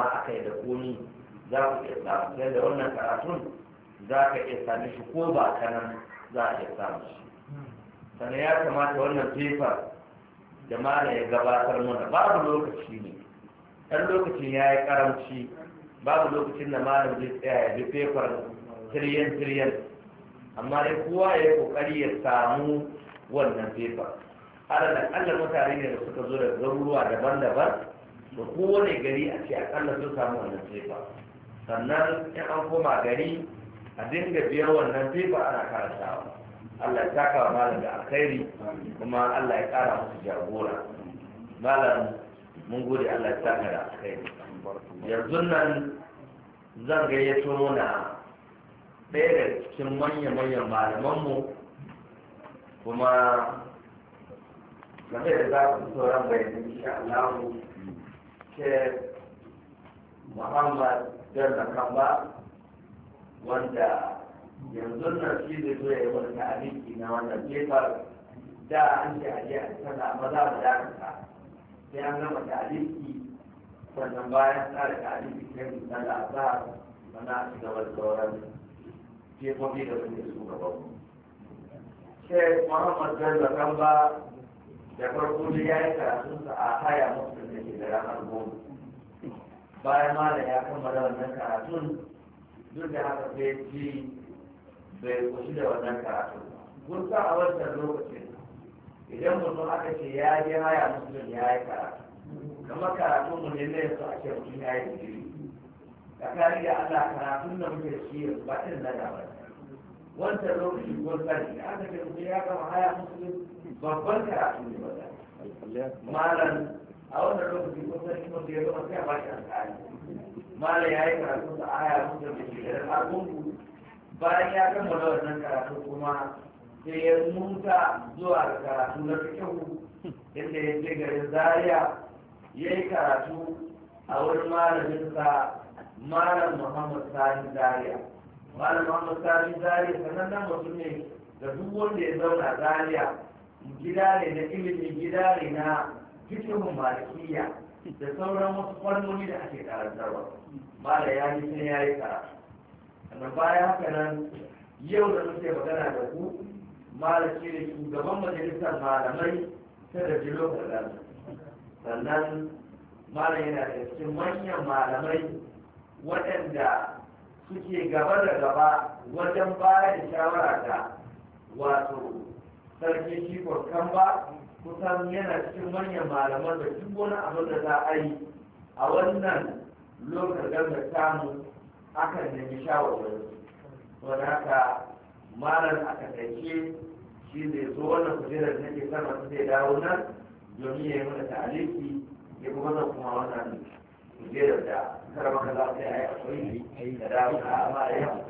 amma aka yi da komi za ku iya samu da wannan karatun za ka iya sami shi ko ba ta nan za a iya samu shi sannan ya kamata wannan paper da malam ya gabatar mana babu lokaci ne ɗan lokacin ya yi karamci babu lokacin da malam zai tsaya ya bi paper tiriyan tiriyan amma dai kowa ya yi kokari ya samu wannan paper da akalla mutane ne da suka zo da garuruwa daban-daban da kowane gari a ce akalla sun samu wannan fefa sannan in an koma gari a dinga biyar wannan fefa ana karantawa Allah ya taka wa malam da alkhairi kuma Allah ya kara musu jagora malam mun gode Allah ya taka da alkhairi yanzu nan zan gayyato na ɗaya da cikin manya-manyan malamanmu kuma game da za ku sauran bayanin insha Allah shek muhammad jarna kamba wanda yanzu na shi zai zo yi wani aliki na wannan jefar da an ce a yi a sana maza da dakata sai an gama ta'aliki sannan bayan tsara ta'aliki sai mu tsara a sa mana a ci gaba da sauran jefofi da wani su gaba. Shek Muhammad Jarna Kamba da farko da ya yi karatunsa a haya musulun da ke da ranar goma bayan malam ya kammala wannan karatun duk da haka sai ji bai kusi da wannan karatun kun sa a wancan lokacin idan mutum aka ce ya yi haya musulun ya yi karatu kamar karatu mu ne na yanzu a ce mutum ya yi digiri tsakani da Allah karatun da muke shi yanzu ba irin na ba wancan lokacin gwamnati da aka ce mutum ya kama haya musulun babban karatu ne ba malam a wannan lokaci ko sai kuma da yawa sai a ba shi alƙali malam yayi karatu da aya mun da shi da harkun bayan ya kammala wannan karatu kuma sai ya muta zuwa ga karatu na kyau inda ya je garin zaria ya yi karatu a wurin malaminsa malam muhammad sani zaria malam muhammad sani zaria sanan nan mutum ne da duk wanda ya zauna zaria gida ne na ilimin gida ne na fikihun malikiya da sauran wasu fannoni da ake karantarwa ba da ya yi sai ya yi karatu sannan baya haka nan yau da muke magana da ku malaki ne shugaban majalisar malamai ta da jilo sannan malam yana da cikin manyan malamai waɗanda suke gaba da gaba wajen bayar da shawara ga wato sarki shi kan ba kusan yana cikin manyan malaman da duk wani abin da za a yi a wannan lokacin da samu akan nemi shawarwari wani haka malar a takaice shi zai zo wannan kujerar da nake sama su zai dawo nan domin ya yi mana ta'aliki ya kuma zan kuma wannan kujerar da karamaka za ta yi a yi da dawo ka amma a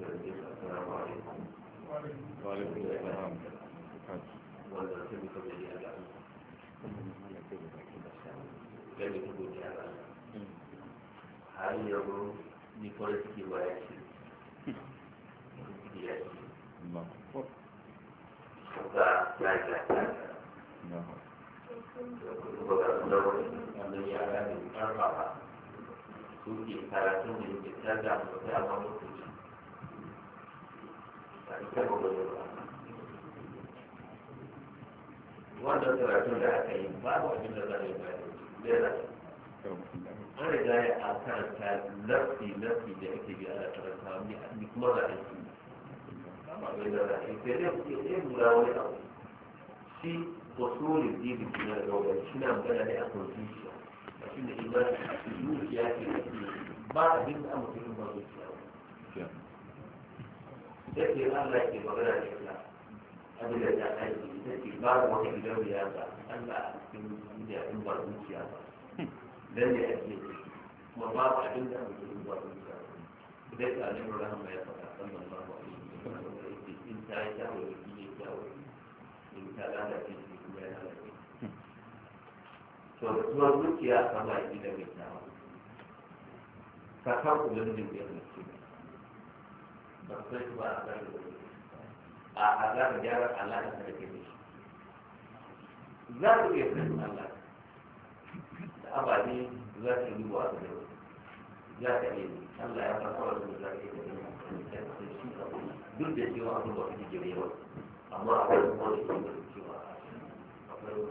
السلام a har yau ni kwarar suke ba ya ce ya ce ya da yake ta wanda karatun da aka yi babu abin da za a yi bayan an riga ya a karanta lafi lafi da ake bi ana karanta ni kuma za a yi amma abin da za a yi sai dai lura wani abu shi usulin dini na gauran shi na magana ne a kan zuciya a shi ne imani zuciya ke ba abin da an mutum ba zuciya ita ce Allah ke magana da ita abin da ta aiki ita ce babu wata gidan riyasa Allah a cikin duniya in ba zuciya ba dan ne ake kuma babu abin da ake in ba zuciya ba idan ka alimar rahama ya faɗa sannan babu abin da ake in ta yi kyawo da kike kyawo in ta lalace shi kuma ya lalace to da kuma zuciya kama gidan riyasa ka kan ubangijin da ya mace ba ba ku ba a san a a za ka gyara Allah da sarki ne za ku iya san Allah da ababe za ka yi wa da za ka iya Allah ya fara wa da za ka iya da duk da cewa abin ba kake jere ba amma akwai kuma da ke da cewa akwai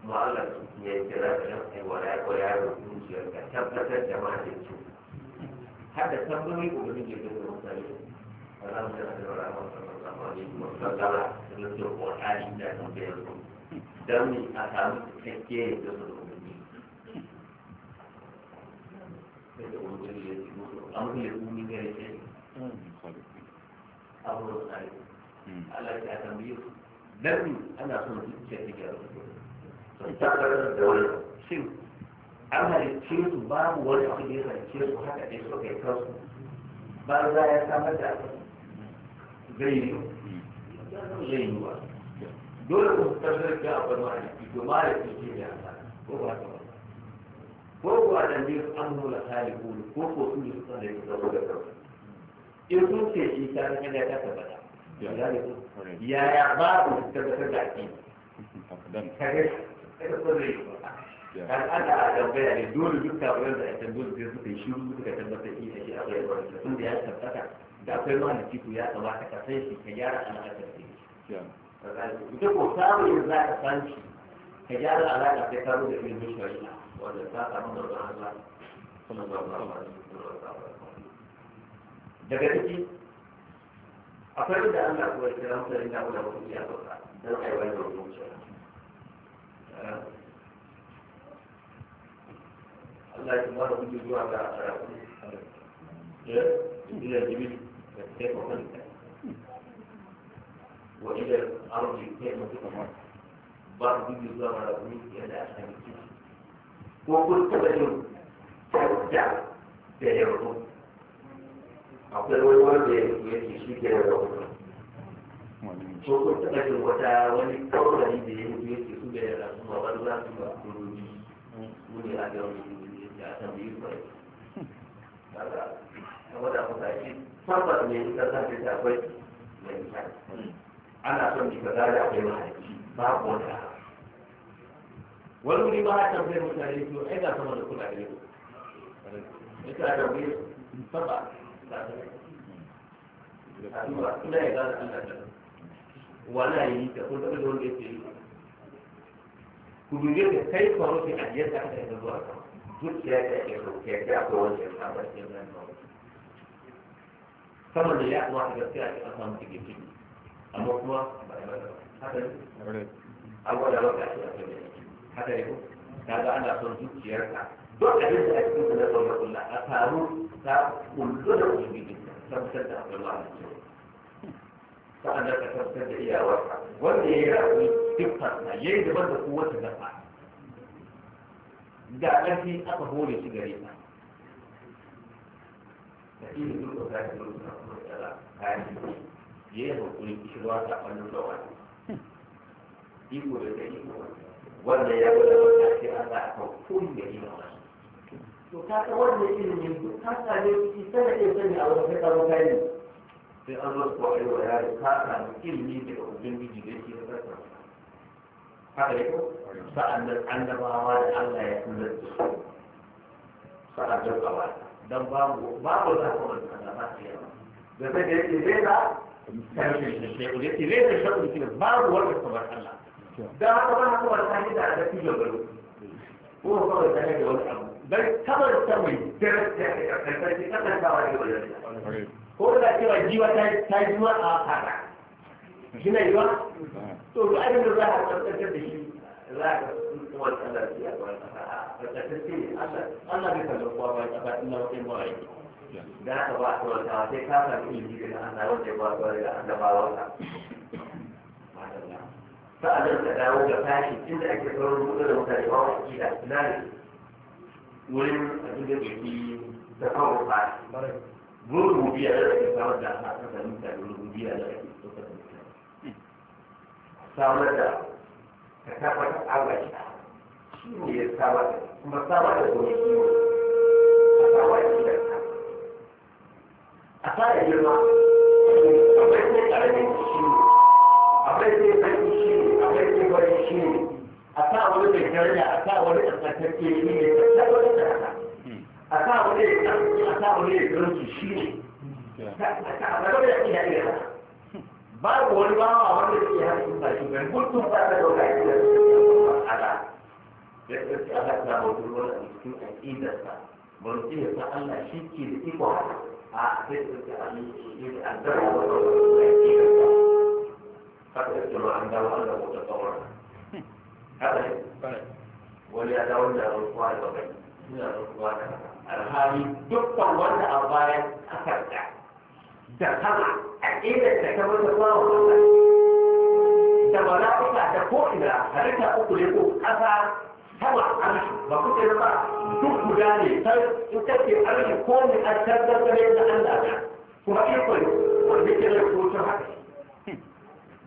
kuma Allah kira ka dan aiwa ya koyar da zuciyarka tabbatar da mahaifinka hada da tambayoyi ko da muke da mutane Allah ya da rahama sallallahu alaihi wa sallam da da Qur'ani da tambayar su dan mi a samu cikakke da su da wani ya ci amma ya kuma ne ya ce abu da tsari Allah ya tambaye su dan ana son zuciya ta gyara su ta da wannan shin an halicce su babu wani abu da ya halicce su haka ne suka yi kansu ba za ya samar da abu zai yi zai yi wa dole ku tabbatar da abu da maliki to maliki ke da ko ba ta ko ko da ne an nuna haliku ko ko su ne suka da su da kansu in kun ce shi ta ne ya ta tabbata yaya babu tabbatar da aƙida kaga kaga ko zai yi ba al'ada a tambaya ne dole duk kafiran da aka dole sai suka yi shiru suka tabbatar iya shi akwai ruwan tun da ya tabbata da akwai ruwan da kiku ya kamata ka san shi ka gyara al'adar sai ita ko samun yin za ka san shi ka gyara al'adar sai ka rubuta ilimin shari'a wanda ta samu da ruwan Allah sallallahu alaihi daga ciki akwai inda Allah ko ya kira mutane da wani abu ya bauta dan aiwatar da wuce abdullahi kuma da zuwa ga karatu eh, da ko kan wa mutu ba da mutu zuwa ga karatu yadda a ko taba yin kyauta da yaro akwai wani wanda ya ke shi ke ko kun taba yin wata wani kawai da ya ke su da yaro ba ba za su ba su ne a yau ya san biyu kawai kaga saboda ku ga tabbas ne in ka san da akwai mai ana son ki kaza da akwai Ba babu wata wani ba a tambayar mutane su ai ga sama da kula da yau ita da wuri saba ina ya gane Allah da wala yi ta kun taɓa da wanda yake ku dubi da kai faru ke ajiyar da aka yi zuwa sama zuciya ta ke rufe da akwai wanda ya saba cikin nan Kamar da ya kuma a gaskiya a cikin samun cikin ciki amma kuma ba ya bada haka ne abuwa da wata ake ake da haka ne ko ta ga ana son zuciyarka duk abin da ake cikin sa na son a taru ta kullu da ubangiji tabbatar da akwai wani cikin sa'an da ka tabbatar da iyawarka wanda ya yi ra'ayi duk farka ya yi daban da kowace dafa da ƙarfi aka hore shi gare ta da iya duk da ta duk da kuma tsara kayan ya yi hakuri kishirwa ta ɓannin da wani iko da ta iko wanda ya gwada wata ce an za a kan kun da ina wani to ka ga wanda ilimin duk ka ne shi sanar da sani a wata karo kayan sai an zo su ko wa yaro ka samu ilimi daga ubangiji da yake haka ne ko sa'annan annabawa da Allah ya kula da su sa'annan kawa dan babu babu za ku manta da ba ta yawa da sai da yake zai da karshe da shi ko da shi ko babu wanda kamar Allah da haka ba ku wata ne da da fiye garo ko ko da ne da wani abu dan kabar ta mai daraja da kai kai ta ta ba da wani ko ta cewa jiwa ta ta jiwa a haka هنا يوم تقول أين الراحة تتكلم بشيء راحة قوة الأرضية فتكتسيني أنا بك الأخوة فإنه في مرعي da aka ba ta wata sai ka samu ilimi da Allah wanda ba ba da Allah ba wata sa'adar ka dawo ga tashi inda ake sauran buɗe da mutane ba wa akida ina ne wurin abin da ke ta kawo ba burin rubiya da ake samar da aka samu mutane rubiya da ake samar da ka tabbata Allah shi shi ne ya samar da kuma samar da gobe shi ne a samar da shi a sa da girma a bai karamin shi ne akwai ne bai shi ne akwai ne shi ne a sa wani mai daraja a sa wani tsarkake shi ne da tabbatar da haka a sa wani ya tsarki a sa wani ya tsarki shi ne a sa wani ya tsarki babu wani bawa wanda ke hana yin bashi mai mutum ba da dauka ya da ala ya tsarki ala ta bautar wani a cikin aƙidarsa ban ce ya san Allah shi ke da iko a sai tsarki ala shi ne an zara wa aƙidarsa haka ya tsoro an dawo Allah wata tsawon haka ne wani ya wani da rukuwa da bakai suna rukuwa da alhali dukkan wanda a bayan kasar da تعتبر أكيد تعتبر الله وحده تبارك تكون لا هلك أقول لكم أفا تبع أمش بقول لك دك مجاني تكتب أمش كون أتبدأ تبين أن لا kuma iko ne wanda ke da kucin haka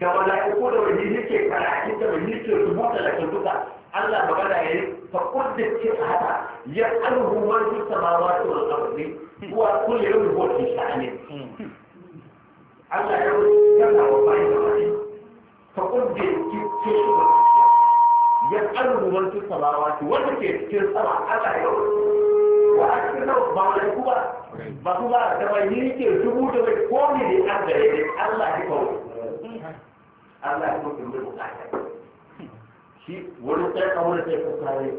da mala'iku da wani yake karatu da wani yake rubuta da kantuka Allah magana ya yi fa kudda ce haka ya alhu ma su samawa to al-ardi wa kullu yawmin huwa fi sha'ani Allah ya yana wa bayi da bayi fa kudde ki ke shi ya kallu man tu samawati wanda ke cikin sama Allah ya wa cikin da ba wani kuma ba kuma da bai ni ke dubu da bai ko ne da Allah ya Allah ya kawo Allah ya kawo mu bukata shi wani sai kawo sai ko kare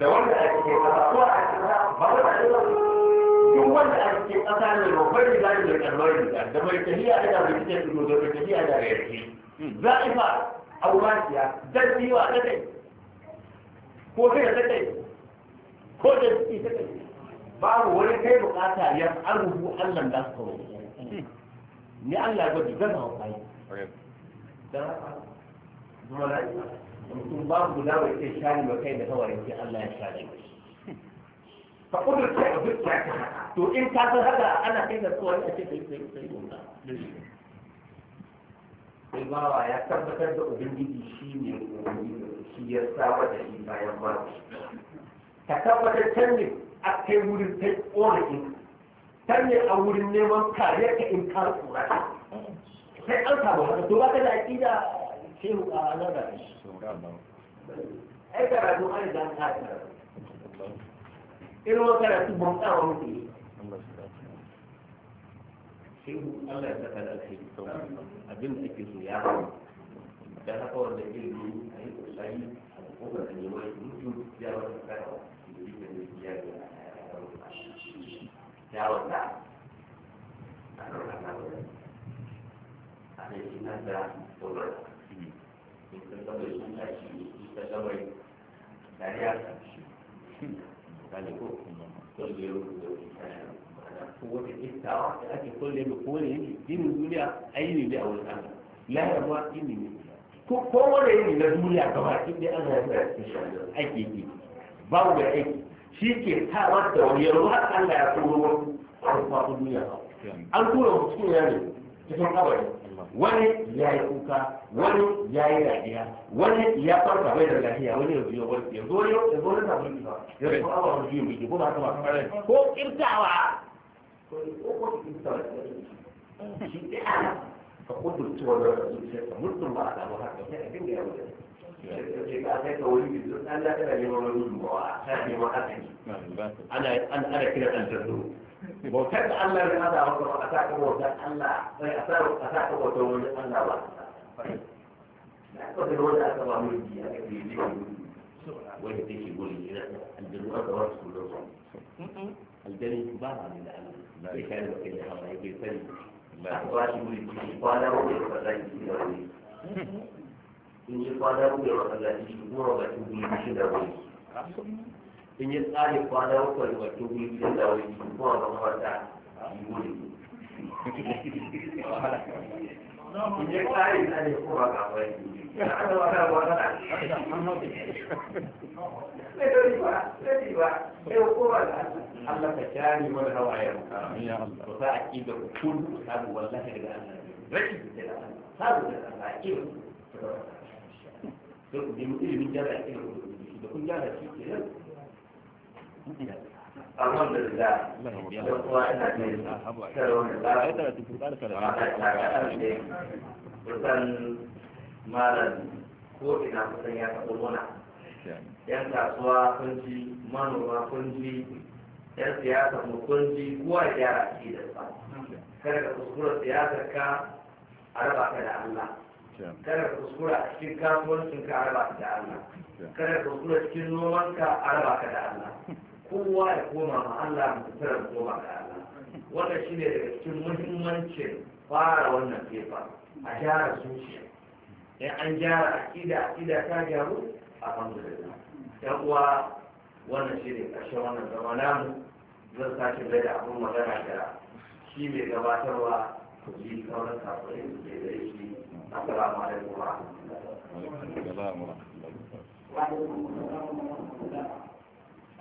da wanda ake ba ko a cikin ba ba duk wanda aka ce ƙasa mai babbar riga da mai ƙarfar riga da mai tafiya da mai cikin tudu da tafiya da mai yarki za'ifa auratiya dan biyu a kai ko kai da kai ko da ciki ta kai babu wani kai bukata ya an rubu Allah da su kawo ni Allah ya gwaji gana wa kai dan haka zuwa lafiya mutum babu guda bai kai shani ba kai da kawarin sai Allah ya shani ka kudurta da zuciya ta haka to in ta san haka ana kai da tsohon a ce kai kai kai gumba sai bawa ya tabbatar da ubangiji shi ne ubangiji shi ya saba da shi bayan ba ka tabbatar can ne a kai wurin kai ƙorafin can ne a wurin neman kariyar ka in ka tsora sai an samu haka to ba ka da aƙida shehu a nan da shi ai karatu an da an karatu irin karatu ban tsawa mutu ne Allah ya saka da abin da ake so ya hau da haka wanda ilimi a yi kokari a kokar da nema ya wata karawa da ya ga ya wata a na a shi da tsoron ka dariya gane ko kulle ko wata da ake kulle mu ko ne yake duniya aini ne a wurin Allah lahira ma aini ne ko ko wanda na duniya gaba in dai Allah ya sa ake yi babu da aiki shi ke ta wata wani yarwa Allah ya turo wani a duniya an tura mutum cikin kabari wani ya yi kuka wani ya yi dariya wani ya farka bai da lafiya wani ya biyo wani ya zo ya zo na samun nisa ya zo awa wani biyu miki ko ba ko kirtawa ko ko kirtawa shi ne ka kudurci wannan zuciyarka mutum ba a samu haka sai a dinga yawon ana kira aljannu bautar da Allah ya hada wa kuma a saka bautar Allah sai a saka a saka bautar wani Allah ba na ko da wanda aka ba mu biya da biyu ne wanda take gurin ina aljanu aka wa su da su aljanu ba ma ne da Allah bai kai da kai da hawa bai sani ba ba shi gurin ki kwana ba bai fada ki da wani in ji kwana ba bai fada ki ko ba ki gurin ki da wani in yi tsari kwana uku da wato wuri da dawo yi kuma a yi wuri in yi tsari na ne kuma ga wani da ana wata wata sai dori ba sai ba sai kuma da Allah ka kyani mana ya ka sa a ƙi da hukun sabu wallahi daga Allah rashin da Allah sabu da Allah a ƙi da hukun sai ku nemi ilimin jara a ƙi da hukun da kun jara shi ke nan alhamdulillah da ina malam ko ina ya yan manoma yan siyasa mu kun kowa ya gyara ki da sa kada ka kuskura siyasar ka a raba ka da Allah kada ka kuskura a cikin kasuwancin ka a raba ka da Allah kada ka kuskura cikin noman ka a raba ka da Allah kowa ya koma ma Allah mu tsara mu koma ga Allah wannan shine daga cikin muhimmancin fara wannan fefa a gyara zuciya in an gyara akida akida ta gyaru alhamdulillah yan uwa wannan shine kashe wannan zamana mu zan sake bai da abun magana da shi mai gabatarwa yi sauran sabbin su ke da shi assalamu alaikum wa rahmatullahi wa barakatuh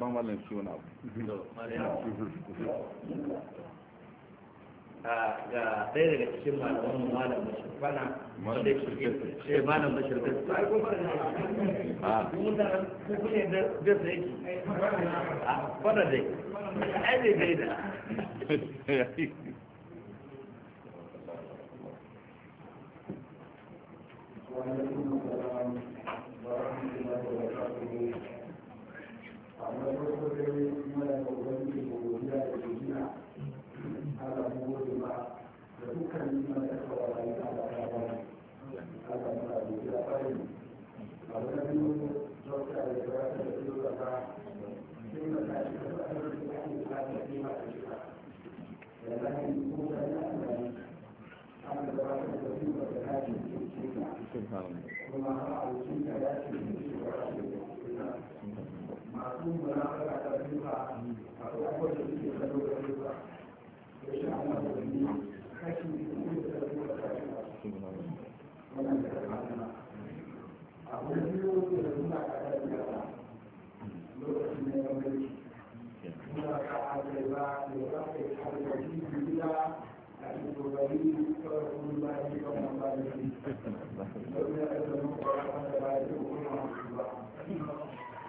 ba abu ah, ga ɗaya daga cikin malam wanda ke malam kuma a kuku ne da sai a fana dai ai bai bai da yi wa ubangiji godiya da jina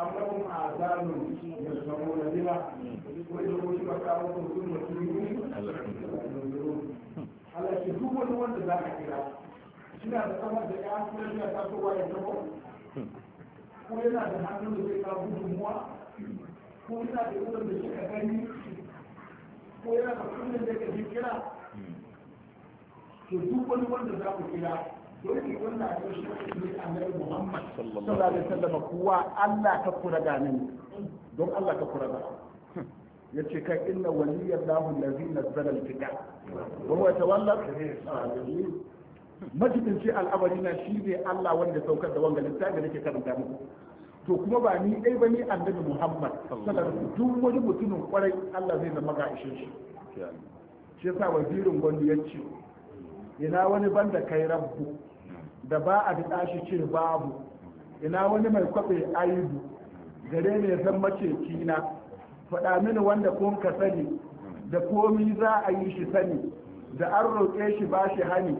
أم لهم آذان بها وإذا كنت مكانكم ثم تريدون على شدوه الأول ذاك كلا شنا بسمع ذكاء كل شيء تقوى يسمعون ko yana da hannun da zai kawo gudunmuwa ko yana da wurin da suka gani ko da da kira to duk wani wanda za ku kira ne a sallallahu alaihi wasallam kuwa Allah ka kura da nan don Allah ka kura da ya ce ka inna waliyar lahu lazi na zarar fita ba wata wallar majibinci al'amari na shi ne Allah wanda saukar da wanga littafi da ke karanta muku to kuma ba ni ɗai ba ni annabi Muhammad sallallahu duk wani mutumin kwarai Allah zai zama ga ishe shi shi yasa wazirin gwani ya ce ina wani banda kai rabbu da ba a da shi ce babu ina wani mai kwabe aibu gare ne zan mace kina faɗa mini wanda kun ka sani da komi za a yi shi sani da an roƙe shi ba shi hani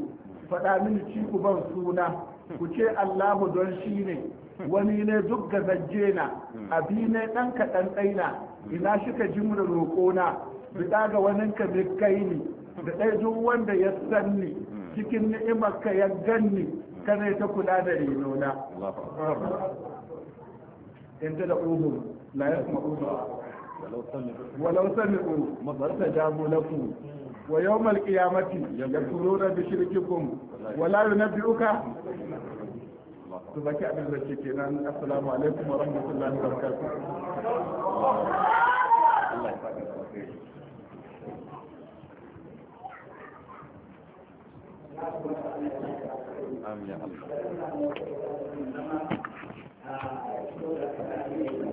faɗa mini ci ku ban suna ku ce allahu don shi ne wani ne duk ga zanje na abi ne ɗan kaɗan ɗaina ina shi ka da roƙona Bida ga wani ka kai ni da ɗaya duk wanda ya sanni cikin ni'imar ka ya ganni ka ta kula da rinona inda da uhun la ya kuma uhun walau sami'u masarta jago ku wa yawmal qiyamati yakuluna bi shirkikum wa la yunabbi'uka to baki abin da ke kenan assalamu alaikum wa rahmatullahi wa barakatuh amin ya